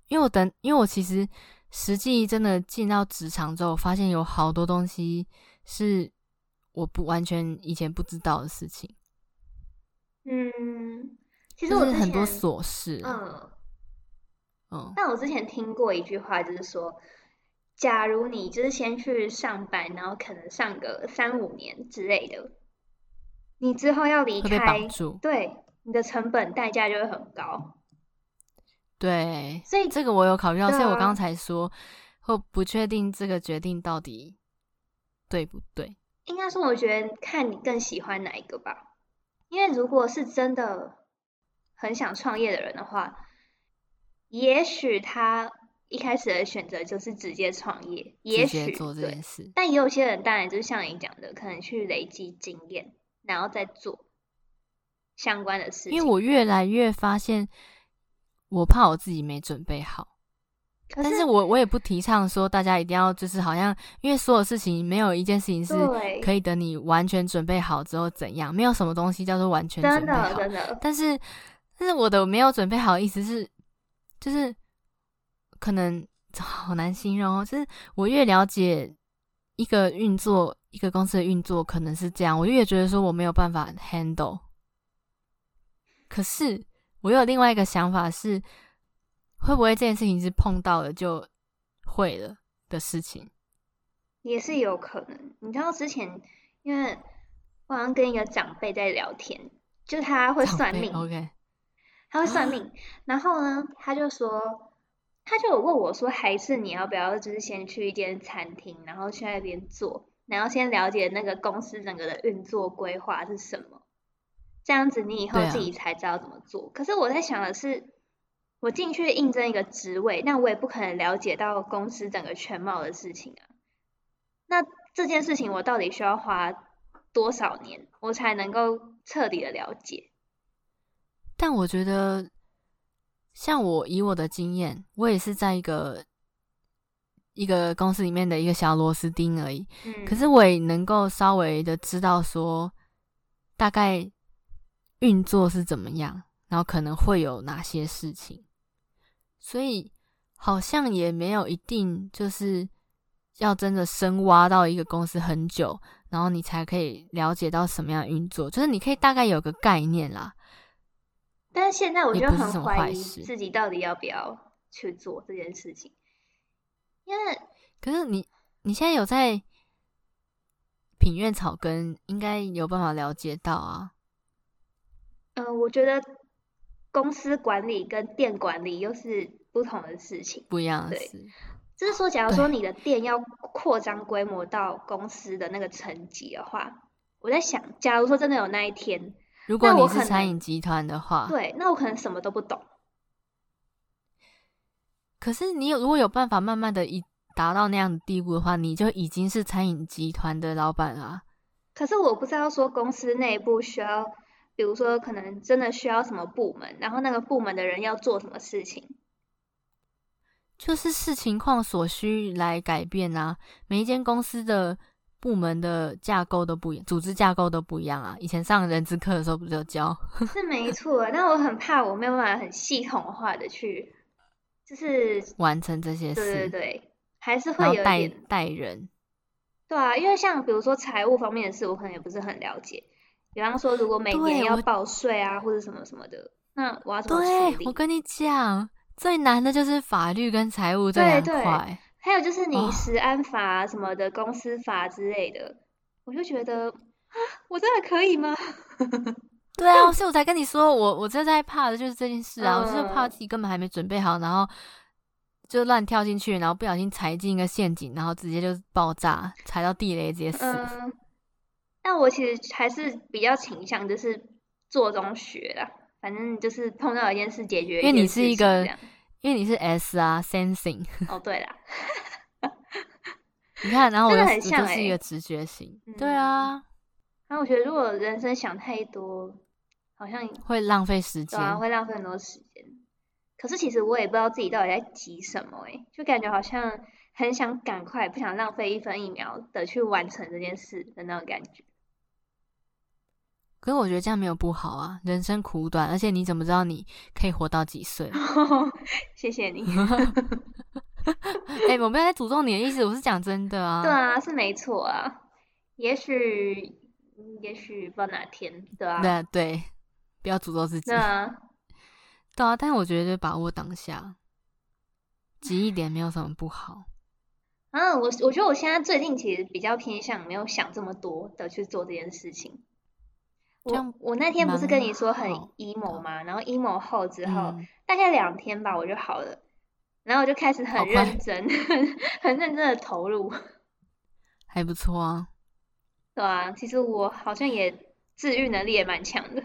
因為我等，因為我其實實際真的進到職場之後，發現有好多東西是我不完全以前不知道的事情。嗯，其實我、就是、很多瑣事、啊。嗯嗯。但我之前聽過一句話，就是說，假如你就是先去上班，然後可能上個三五年之類的，你之後要離開，對，你的成本代價就會很高。對，所以這個我有考慮到，所以我剛才說，啊、我不確定這個決定到底對不對。應該說我覺得看你更喜歡哪一個吧，因為如果是真的很想創業的人的話，也許他一開始的選擇就是直接創業，也許做這件事。但也有些人當然就是像你講的，可能去累積經驗，然後再做相關的事情的話。因為我越來越發現。我怕我自己沒準備好，是但是我我也不提倡說大家一定要就是好像，因為所有事情沒有一件事情是可以等你完全準備好之後怎樣，沒有什麼東西叫做完全準備好。真的，真的。但是，但是我的沒有準備好的意思是就是可能好難形容哦。就是我越了解一個運作一個公司的運作，可能是這樣，我越覺得說我沒有辦法 handle。可是。我有另外一個想法是，會不會這件事情是碰到了就會了的事情？也是有可能。你知道之前，因為我好像跟一個長輩在聊天，就他會算命，OK，他會算命。然後呢，他就說，他就問我說，還是你要不要，就是先去一間餐廳，然後去那邊做，然後先了解那個公司整個的運作規劃是什麼？這樣子，你以後自己才知道怎麼做。啊、可是我在想的是，我進去應徵一個職位，那我也不可能了解到公司整個全貌的事情啊。那這件事情，我到底需要花多少年，我才能夠徹底的了解？但我覺得，像我以我的經驗，我也是在一個一個公司裡面的一個小螺絲釘而已，嗯。可是我也能夠稍微的知道說，大概。運作是怎麼樣，然後可能會有哪些事情，所以好像也沒有一定就是要真的深挖到一個公司很久，然後你才可以了解到什麼樣的運作，就是你可以大概有個概念啦。但是現在我覺得很懷疑自己到底要不要去做這件事情，因為，因為可是你你現在有在品院草根，應該有辦法了解到啊。呃，我覺得公司管理跟店管理又是不同的事情，不一樣的事。對，就是說，假如說你的店要擴張規模到公司的那個層級的話，我在想，假如說真的有那一天，如果你是餐飲集團的話，對，那我可能什麼都不懂。可是你有如果有辦法慢慢的一達到那樣的地步的話，你就已經是餐飲集團的老闆了。可是我不知道說公司內部需要。比如說，可能真的需要什麼部門，然後那個部門的人要做什麼事情，就是視情況所需來改變啊。每一間公司的部門的架構都不一樣，組織架構都不一樣啊。以前上人資課的時候，不就教？是沒錯啊，但我很怕我沒有辦法很系統化的去，就是完成這些事。對、對、對，還是會帶有帶帶人。對啊，因為像比如說財務方面的事，我可能也不是很了解。比方說，如果每年要報稅啊，或者什麼什麼的，那我要怎麼處理？對，我跟你講，最難的就是法律跟財務這兩塊，還有就是你食安法什麼的、哦、公司法之類的。我就覺得，啊、我真的可以嗎？ 對啊，所以我才跟你說，我我真的害怕的就是這件事啊！嗯、我就是怕自己根本還沒準備好，然後就亂跳進去，然後不小心踩進一個陷阱，然後直接就爆炸，踩到地雷直接死。嗯那我其實還是比較傾向就是做中學啦，反正就是碰到一件事解決事。因為你是一個，因為你是 S 啊，sensing。哦，對啦。 你看，然後我、就是很像欸、我就是一個直覺型，嗯、對啊。然、啊、後我覺得，如果人生想太多，好像會浪費時間，啊，會浪費很多時間。可是其實我也不知道自己到底在急什麼、欸，誒就感覺好像很想趕快，不想浪費一分一秒的去完成這件事的那種感覺。可是我覺得這樣沒有不好啊，人生苦短，而且你怎麼知道你可以活到幾歲？ 謝謝你。 哎、 欸，我沒有在詛咒你的意思，我是講真的啊。對啊，是沒錯啊，也許，也許不知道哪天，對啊。對啊對，不要詛咒自己對、啊。對啊。但我覺得把握當下，急一點沒有什麼不好。嗯，我我覺得我現在最近其實比較偏向沒有想這麼多的去做這件事情。我，我那天不是跟你說很 emo 嗎？好好然後 emo 後之後、嗯、大概兩天吧，我就好了。然後我就開始很認真、很 很認真的投入，還不錯啊。對啊，其實我好像也治癒能力也蠻強的。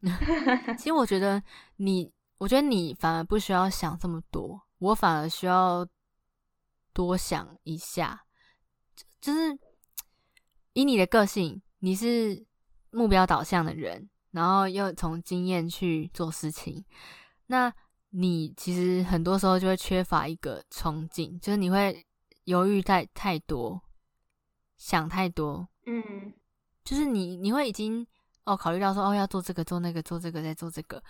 其實我覺得你，我覺得你反而不需要想這麼多，我反而需要多想一下，就是以你的個性，你是。目標導向的人，然後又從經驗去做事情，那你其實很多時候就會缺乏一個衝勁，就是你會猶豫太太多，想太多，嗯，就是你你會已經哦考慮到說哦要做這個做那個做這個再做這個，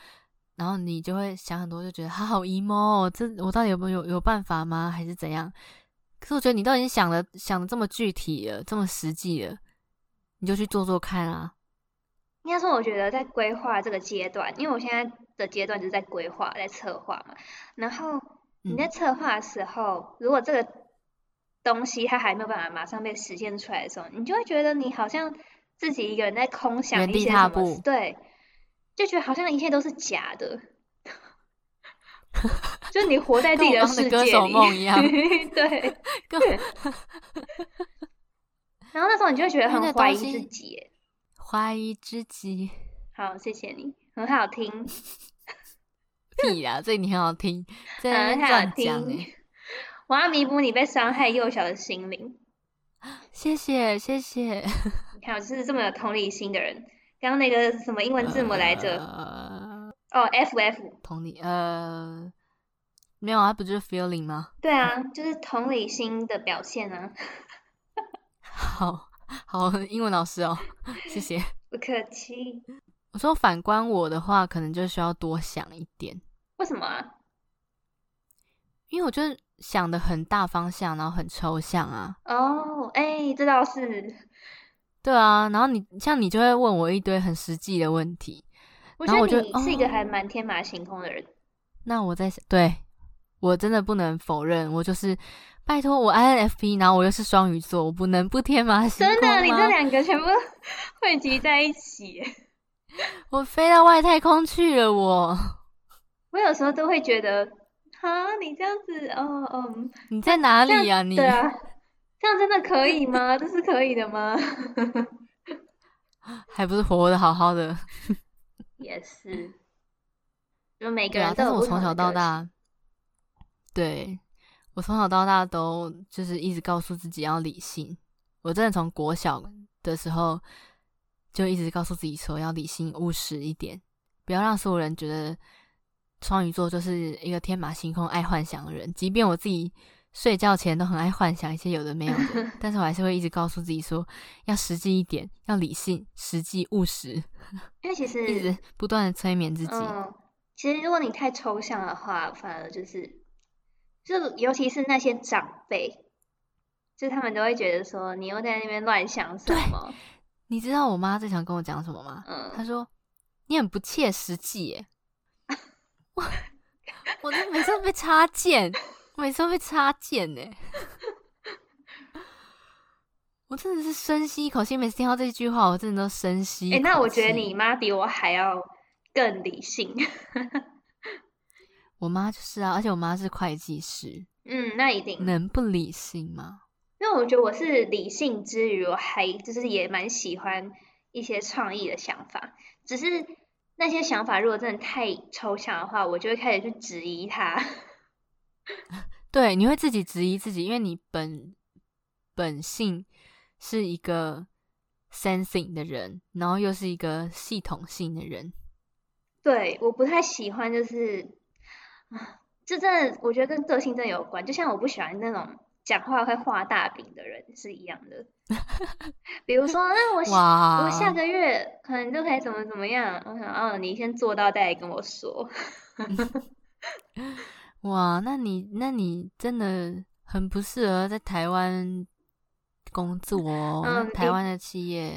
然後你就會想很多，就覺得他好 emo，這我到底有沒有有辦法嗎？還是怎樣？可是我覺得你都已經想的想的這麼具體了，這麼實際了，你就去做做看啊。應該說，我覺得在規劃這個階段，因為我現在的階段就是在規劃、在策劃嘛。然後你在策劃的時候、嗯，如果這個東西它還沒有辦法馬上被實現出來的時候，你就會覺得你好像自己一個人在空想一些什麼，原地踏步，對，就覺得好像一切都是假的， 就你活在自己的世界裡歌手夢一樣， 對。 然後那時候你就會覺得很懷疑自己。懷疑自己。好，謝謝你，很好聽。 屁呀，這個你很好聽，真的很好聽。我要彌補你被傷害幼小的心靈。謝謝謝謝，你看我就是這麼有同理心的人。剛剛那個什麼英文字母來着？呃、哦，F F。同理呃，沒有啊，它不就是 feeling 嗎？對啊、嗯，就是同理心的表現啊。好。好，英文老師哦，謝謝，不客氣。我說反觀我的話，可能就需要多想一點。為什麼啊？因為我就是想的很大方向，然後很抽象啊。哦，哎、欸，這倒是。對啊，然後你像你就會問我一堆很實際的問題。我覺得你是一個還蠻天馬行空的人。我哦、那我在想，對，我真的不能否認，我就是。拜托我 INFP，然後我又是雙魚座，我不能不天馬行空嗎？真的，你這兩個全部匯集在一起，我飛到外太空去了。我，我有時候都會覺得，哈，你這樣子，哦嗯，你在哪裡呀、啊啊？你、啊，這樣真的可以嗎？ 這是可以的嗎？ 還不是活活得好好的。也是，我，每個人都、啊。但是我從小到大，對。我從小到大都就是一直告訴自己要理性。我真的從國小的時候就一直告訴自己說要理性、務實一點，不要讓所有人覺得雙魚座就是一個天馬行空、愛幻想的人。即便我自己睡覺前都很愛幻想一些有的沒有的， 但是我還是會一直告訴自己說要實際一點，要理性、實際、務實。因為其實 一直不斷的催眠自己。嗯，其實如果你太抽象的話，反而就是。就尤其是那些長輩，就他們都會覺得說你又在那邊亂想什麼。你知道我媽最想跟我講什麼嗎？嗯、她說你很不切實際耶 。我我我每次都被插劍，每次都被插件耶。 我真的是深吸一口氣，每次聽到這句話，我真的都深吸一口氣。哎、欸，那我覺得你媽比我還要更理性。 我媽就是啊，而且我媽是會計師。嗯，那一定，能不理性嗎？因為我覺得我是理性之餘，我還就是也蠻喜歡一些創意的想法。只是那些想法如果真的太抽象的話，我就會開始去質疑他。 對，你會自己質疑自己，因為你本本性是一個 sensing 的人，然後又是一個系統性的人。對，我不太喜歡就是。這真的，我覺得跟個性真的有關。就像我不喜歡那種講話會畫大餅的人是一樣的。 比如說，那、嗯、我我下個月可能就可以怎麼怎麼樣。我想，哦，你先做到，再來跟我說。 哇，那你那你真的很不適合在台灣工作哦。嗯、台灣的企業，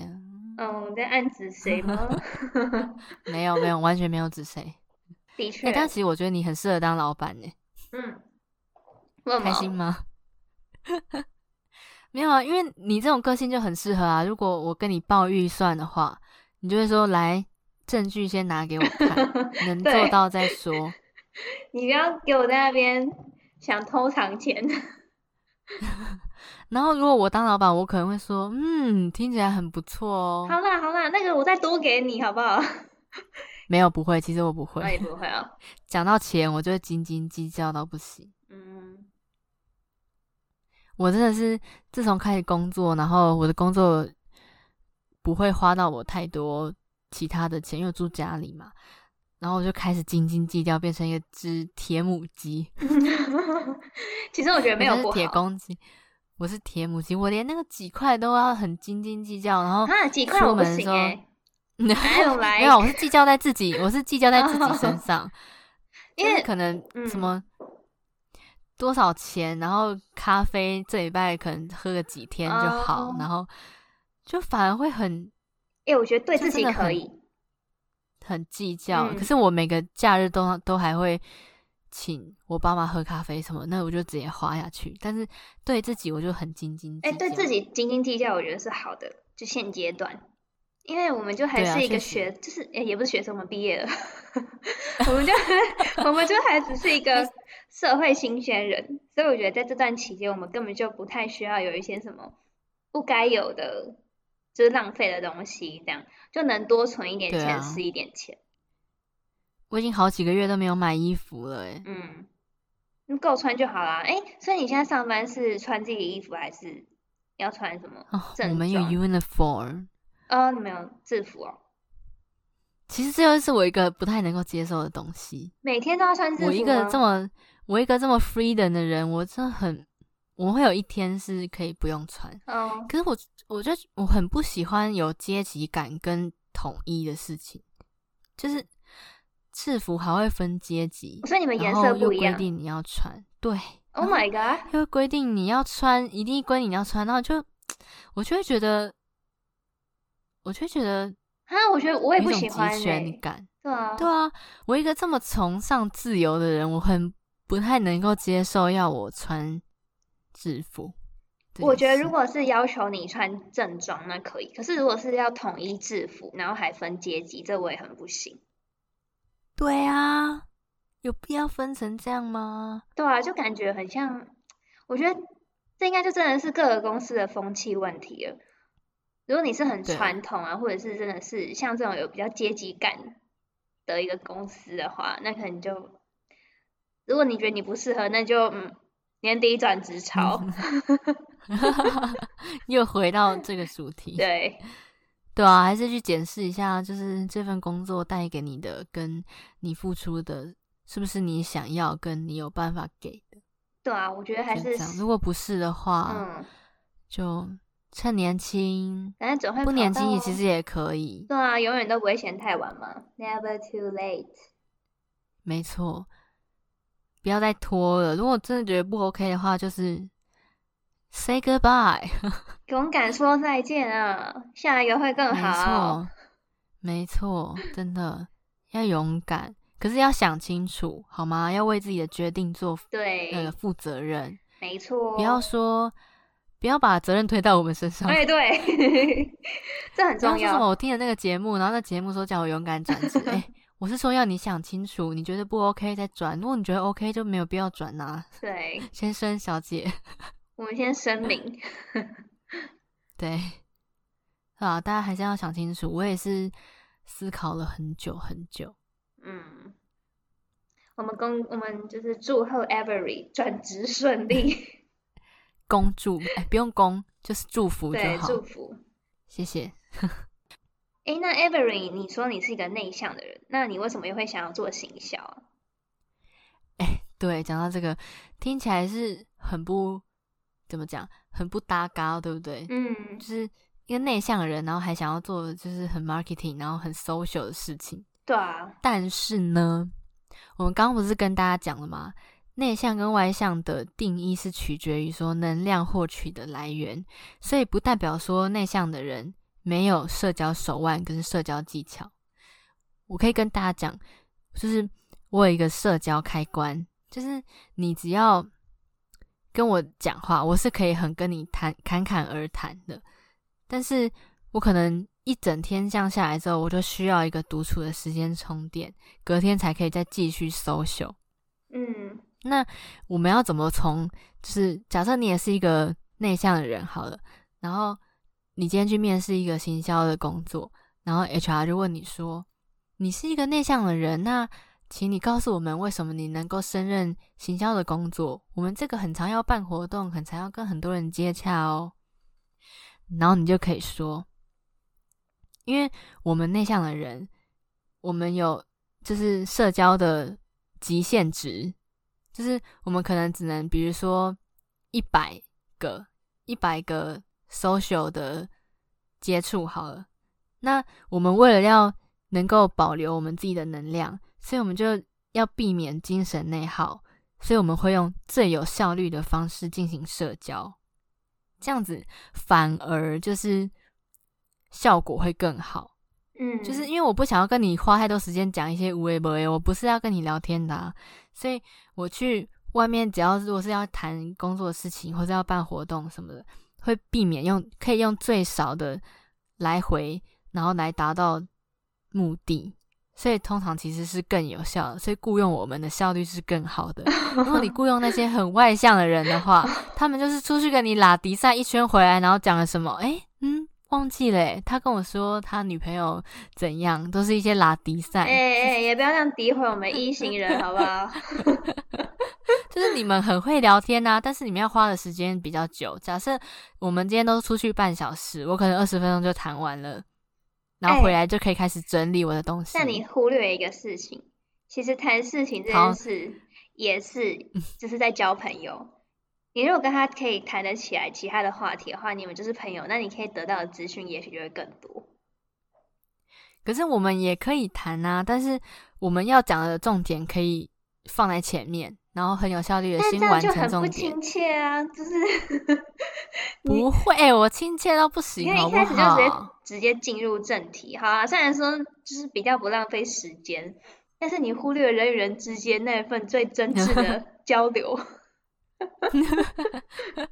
嗯，你、哦、我在暗指誰嗎？ 沒有沒有，完全沒有指誰。的確、欸，但其實我覺得你很適合當老闆呢。嗯，開心嗎？ 沒有啊，因為你這種個性就很適合啊。如果我跟你報預算的話，你就會說：“來，證據先拿給我看， 能做到再說。” 你不要給我在那邊想偷藏錢。 然後，如果我當老闆，我可能會說：“嗯，聽起來很不錯哦。”好啦，好啦，那個我再多給你，好不好？沒有不會，其實我不會。我也不會啊、哦、 講到錢，我就會斤斤計較到不行。嗯，我真的是自從開始工作，然後我的工作不會花到我太多其他的錢，因為住家裡嘛，然後我就開始斤斤計較，變成一個隻鐵母雞。 其實我覺得沒有不好。鐵公雞，我是鐵母雞，我連那個幾塊都要很斤斤計較，然後啊幾塊出門的 有來 沒有，沒，我是計較在自己，我是計較在自己身上，因 為可能什麼多少錢，嗯、然後咖啡這禮拜可能喝個幾天就好，嗯、然後就反而會很，哎、欸，我覺得對自己可以很計較、嗯，可是我每個假日都都還會請我爸媽喝咖啡什麼，那我就直接花下去，但是對自己我就很斤斤哎，對自己斤斤計較，我覺得是好的，就現階段。因為我們就還是一個學，啊、就是、欸、也不是學生，我們畢業了，我們就我們就還只 是一個社會新鮮人，所以我覺得在這段期間，我們根本就不太需要有一些什麼不該有的，就是浪費的東西，這樣就能多存一點錢，啊，是一點錢。我已經好幾個月都沒有買衣服了，欸，哎，嗯，夠穿就好啦。誒、欸，所以你現在上班是穿這個衣服，還是要穿什麼？Oh, 我們有 uniform。呃、oh，你們有制服哦。其實這就是我一個不太能夠接受的東西。每天都要穿制服，我一個這麼我一個這麼 freedom 的人，我真的很我會有一天是可以不用穿。哦、oh。可是我我就我很不喜歡有階級感跟統一的事情，就是制服還會分階級，所以你們顏色不一樣又規定你要穿。對。Oh my god！因為規定你要穿，一定規定你要穿，然後就我就會覺得。我就覺得，啊，我覺得我也不喜歡耶、欸。對啊，對啊，我一個這麼崇尚自由的人，我很不太能夠接受要我穿制服。我覺得如果是要求你穿正裝那可以，可是如果是要統一制服，然後還分階級，這我也很不行。對啊，有必要分成這樣嗎？對啊，就感覺很像。我覺得這應該就真的是各個公司的風氣問題了。如果你是很傳統啊，或者是真的是像這種有比較階級感的一個公司的話，那可能就，如果你覺得你不適合，那就、嗯、年底轉職潮，嗯、 又回到這個主題。對，對啊，還是去檢視一下，就是這份工作帶給你的，跟你付出的，是不是你想要，跟你有辦法給的？對啊，我覺得還是，如果不是的話，嗯，就。趁年輕，反、啊、正總會不年輕也其實也可以。對啊，永遠都不會嫌太晚嘛，Never too late。沒錯，不要再拖了。如果真的覺得不 OK 的話，就是 Say goodbye， 勇敢說再見啊！下一個會更好，啊。沒錯，沒錯，真的 要勇敢，可是要想清楚，好嗎？要為自己的決定做對呃負責任。沒錯，不要說。不要把責任推到我們身上。對、欸、對， 這很重要。為什麼我聽了那個節目，然後那節目說叫我勇敢轉職、 欸？我是說要你想清楚，你覺得不 OK 再轉，如果你覺得 OK 就沒有必要轉啊。對，先生小姐，我們先聲明。 對，啊，大家還是要想清楚。我也是思考了很久很久。嗯。我們恭我們就是祝賀 Avery 轉職順利。 恭祝，哎、欸，不用恭， 就是祝福就好。對，祝福，謝謝。哎、 欸，那 Avery，你說你是一個內向的人，那你為什麼又會想要做行銷啊？哎、欸，對，講到這個，聽起來是很不，怎麼講，很不搭嘎，對不對？嗯，就是一個內向的人，然後還想要做就是很 marketing，然後很 social 的事情。對啊。但是呢，我們剛剛不是跟大家講了嗎？內向跟外向的定義是取決於說能量獲取的來源，所以不代表說內向的人沒有社交手腕跟社交技巧。我可以跟大家講，就是我有一個社交開關，就是你只要跟我講話，我是可以很跟你談侃侃而談的。但是我可能一整天這樣下來之後，我就需要一個獨處的時間充電，隔天才可以再繼續 social。嗯。那我們要怎麼從？就是假設你也是一個內向的人，好了，然後你今天去面試一個行銷的工作，然後 HR 就問你說：“你是一個內向的人，那請你告訴我們為什麼你能夠勝任行銷的工作？我們這個很常要辦活動，很常要跟很多人接洽哦。”然後你就可以說：“因為我們內向的人，我們有就是社交的極限值。”就是我們可能只能，比如說一百個、一百個 social 的接觸好了。那我們為了要能夠保留我們自己的能量，所以我們就要避免精神內耗，所以我們會用最有效率的方式進行社交，這樣子反而就是效果會更好。嗯，就是因為我不想要跟你花太多時間講一些無謂無謂，我不是要跟你聊天的啊。所以我去外面，只要如果是要談工作的事情，或者要辦活動什麼的，會避免用，可以用最少的來回，然後來達到目的。所以通常其實是更有效的，所以雇傭我們的效率是更好的。如果你雇傭那些很外向的人的話， 他們就是出去跟你喇低賽一圈回來，然後講了什麼？誒、欸、嗯。忘記了、欸，他跟我說他女朋友怎樣，都是一些拉低賽。誒、欸、誒、欸欸就是、也不要這樣詆毀我們 I 人，好不好？ 就是你們很會聊天吶、啊，但是你們要花的時間比較久。假設我們今天都出去半小時，我可能二十分鐘就談完了，然後回來就可以開始整理我的東西。那、欸、你忽略一個事情，其實談事情這件事也是就是在交朋友。 你如果跟他可以談得起來其他的話題的話，你們就是朋友。那你可以得到的資訊也許就會更多。可是我們也可以談啊，但是我們要講的重點可以放在前面，然後很有效率的先完成重點。這樣就很不親切啊！就是不會， 欸、我親切到不行好不好。因為一開始就直接直接進入正題，哈、啊，雖然說就是比較不浪費時間，但是你忽略人與人之間那份最真摯的交流。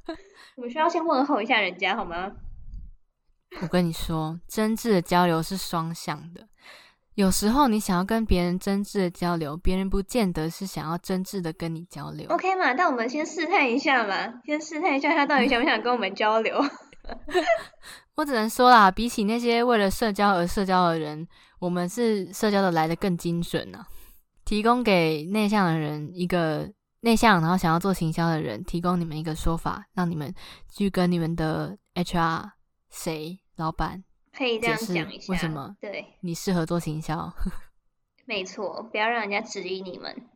我需要先問候一下人家，好嗎？我跟你說，真摯的交流是雙向的。有時候你想要跟別人真摯的交流，別人不見得是想要真摯的跟你交流。OK 嘛，那我們先試探一下嘛，先試探一下他到底想不想跟我們交流。 我只能說啦，比起那些為了社交而社交的人，我們是社交的來得更精準呢、啊。提供給內向的人一個。內向，然後想要做行銷的人，提供你們一個說法，讓你們去跟你們的 HR 誰老板可以這樣解釋一下為什麼？對，你適合做行銷。 沒錯，不要讓人家質疑你們。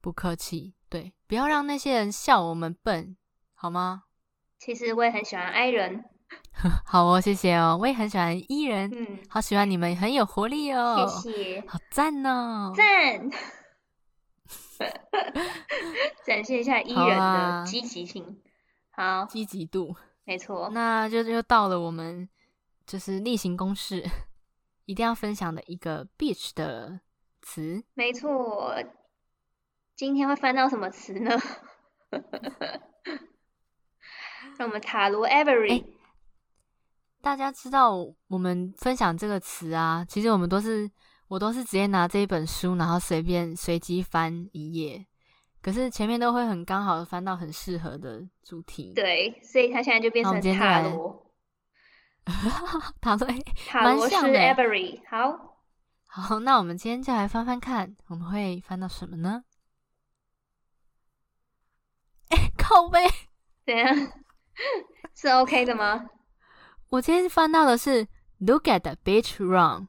不客氣，對，不要讓那些人笑我們笨，好嗎？其實我也很喜歡 I 人。 好哦，謝謝哦，我也很喜歡 E 人。嗯，好喜歡你們，很有活力哦。謝謝，好讚哦。讚。 展現一下藝人的積極性，好、啊，積極度，沒錯。那就又到了我們就是例行公事，一定要分享的一個 bitch 的詞，沒錯。今天會翻到什麼詞呢？ 讓我們塔羅 Avery，欸、大家知道我們分享這個詞啊，其實我們都是。我都是直接拿這一本書，然後隨便隨機翻一頁，可是前面都會很剛好翻到很適合的主題。對，所以它現在就變成塔羅。塔羅，塔羅是 Avery。是 Avery，好，好，那我們今天就來翻翻看，我們會翻到什麼呢？哎，靠背，怎樣？是 OK 的嗎？我今天翻到的是 Look at the bitch run。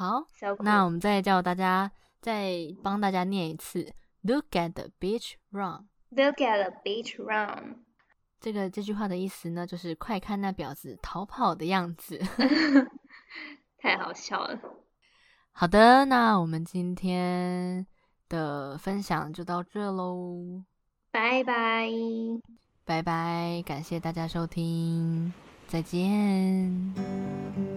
好，so cool. 那我們再叫大家，再幫大家念一次：Look at the bitch run. Look at the bitch run. 這個這句話的意思呢，就是快看那婊子逃跑的樣子， 太好笑了。好的，那我們今天的分享就到這嘍，拜拜拜拜，感謝大家收聽，再見。